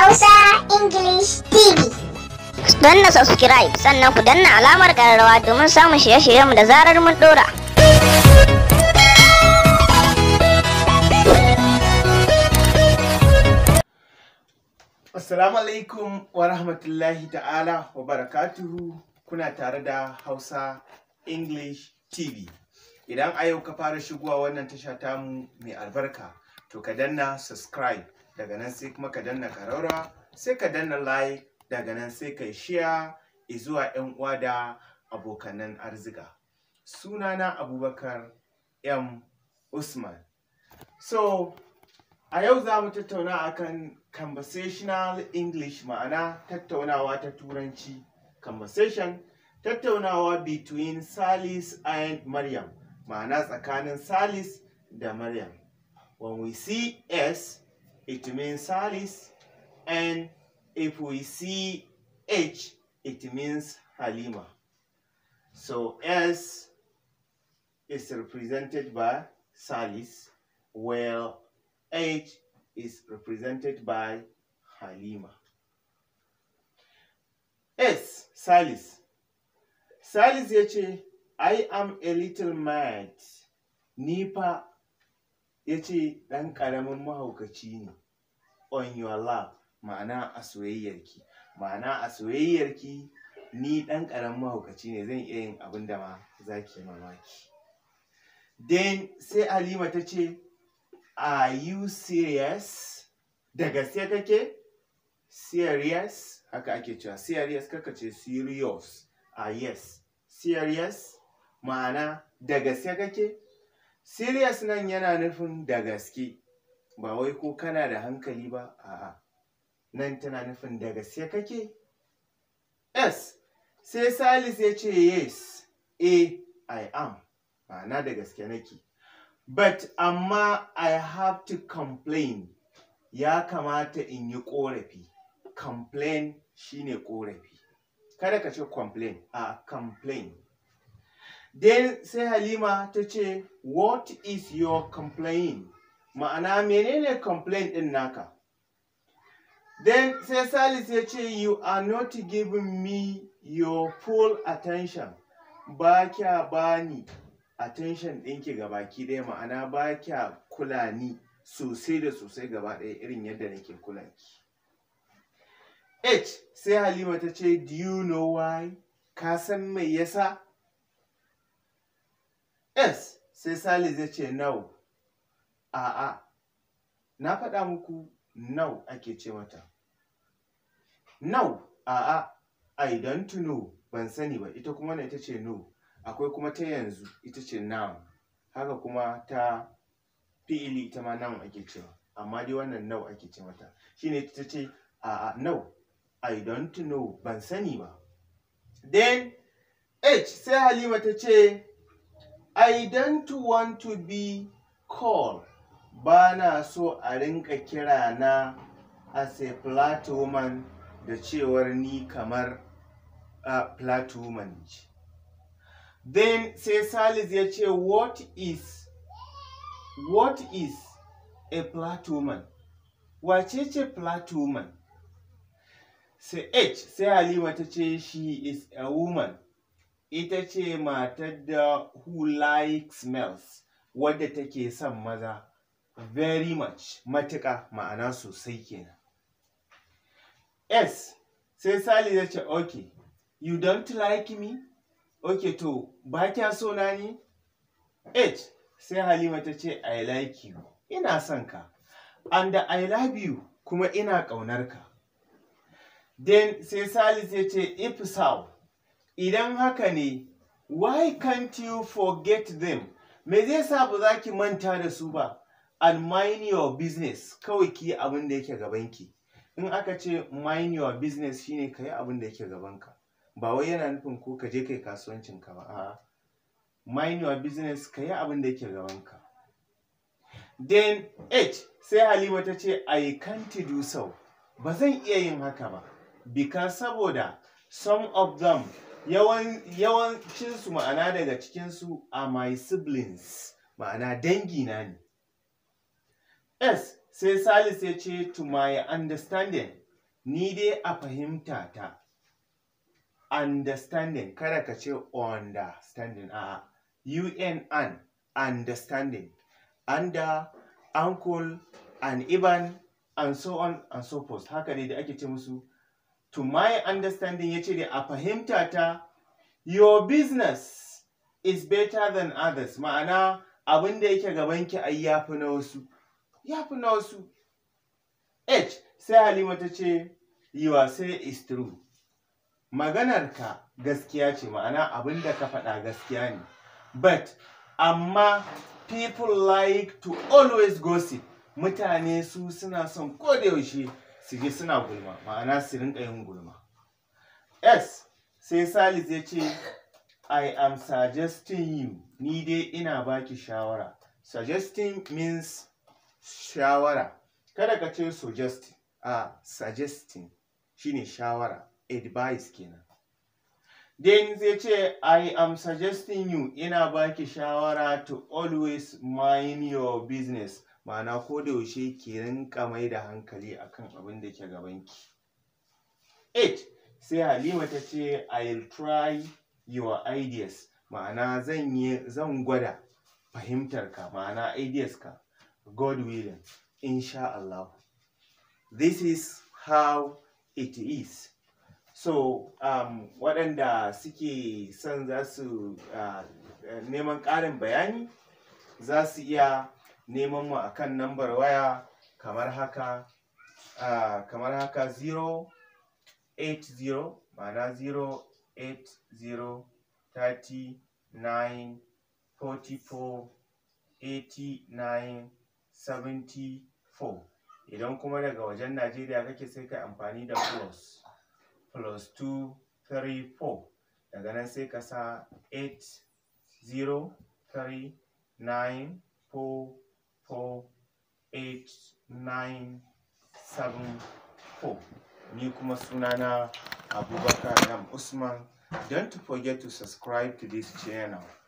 Hausa English TV. Danna subscribe sannan ku danna alamar ƙararrawa domin samun shirye mu da zarar mun dora. Assalamu alaikum wa rahmatullahi ta'ala wa barakatuhu kuna tare da Hausa English TV. Idan a yau ka fara shigowa wannan tasha tamu mai albarka, to ka danna subscribe. daga nan sai kuma ka danna karaura sai ka danna like daga nan sai ka share zuwa 'yan uwa da abokanan arzika sunana abubakar m usman so a yau za mu tattauna akan conversational english ma'ana tattaunawa ta turanci conversation tattaunawa between salis and maryam ma'ana tsakanin salis da maryam when we see s it means Salis. And if we see H, it means Halima. So S is represented by Salis, where H is represented by Halima. S, Salis. Salis yace I am a little mad. Ni fa dan ce ɗan ƙaramin mahaukaci ne. on your love ma'ana a soyayyarki ma'ana a soyayyarki ni ɗan ƙaramin mahaukaci ne zan iya yin abin da ma za ki mamaki then sai halima ta ce are you serious da gaske kake serious haka ake cewa serious kaka ce serious a ah, yes serious ma'ana da gaske kake serious nan yana nufin da gaske ba wai ko kana da hankali ba a nan tana nufin da gaske kake yes sai salis ya ce yes a eh, i am ma'ana da gaske nake but amma i have to complain ya kamata in yi ƙorafi complain shine korafi kada ka ce complain a complain then sai halima ta ce what is your complaint ma'ana menene complaint ɗin naka then sai salis ya ce you are not giving me your full attention ba kya bani attention ɗinki ga baki ɗaya ma'ana ba kya kula ni sosai da sosai gaba ɗaya irin yadda nake kula ki h sai halima ta ce do you know why ka san me yasa s sai salis ya ce no a'a na faɗa muku now ake ce mata now a'a i don't know ban sani ba ita kuma na ita ce no akwai kuma ta yanzu ita ce now haka kuma ta fi'ili ita ma now ake ce amma dai wannan now ake ce mata shine ita ce a'a now i don't know ban sani ba then h sai halima ta ce i don't want to be called ba na so a rinka kira na as a flat woman da cewar ni kamar a flat woman then sai salis ya ce what is what is a flat woman wace ce flat sai h sai halima ta ce she is a woman ita ce matar da who likes males, wadda take son maza very much matuƙa ma'ana sosai kenan s sai sali ya ce okay you don't like me okay to ba kya so na ni h sai halima ta ce i like you ina son ka and i love you kuma ina ƙaunar ka then sai sali ya ce if so idan haka ne why can't you forget them me zai sa ba za ki manta da su ba and mind your business kawai ki yi abin da yake gabanki in aka ce mind your business shine ka yi abin da yake gabanka ba wai yana nufin ko ka je kai kasuwancin ka ba a'a mind your business ka yi abin da yake gabanka then h sai halima ta ce i can't do so ba zan iya yin haka ba because saboda some of them yawancinsu ma'ana daga cikinsu are my siblings ma'ana dangi na ne S sai Salisu ya ce to my understanding ni dai a fahimta ta understanding kada ka ce understanding a un an understanding under uncle and iban and so on and so forth haka dai da ake ce musu to my understanding ya ce dai a fahimta ta your business is better than others ma'ana abin da yake gabanki ayyafi yafi na wasu ya fi na wasu h sai halima ta ce yiwa sai is true maganarka gaskiya ce ma'ana abin da ka faɗa gaskiya ne but amma people like to always gossip mutane su suna son kodayaushe su je suna gulma ma'ana su rinka yin gulma s sai salis ya ce i am suggesting you ni dai ina baki shawara suggesting means shawara kada ka ce suggest a suggesting shine shawara advice kenan then zai ce i am suggesting you ina baki shawara to always mind your business ma'ana ko da yaushe ki rinka mai da hankali akan abin da ke gabanki It sai halima ta ce i'll try your ideas ma'ana zan yi zan gwada fahimtar ka ma'ana ideas ka God willing, inshallah. This is how it is. So, um, waɗanda suke son za su uh, neman ƙarin bayani za su iya neman mu akan nambar waya kamar haka uh, kamar haka 080 ma'ana 080 39 44 89 74 idan kuma daga wajen Najeriya kake sai ka amfani da plus plus 234 daga nan sai ka sa 8039448974 ni kuma sunana Abubakar Usman don't forget to subscribe to this channel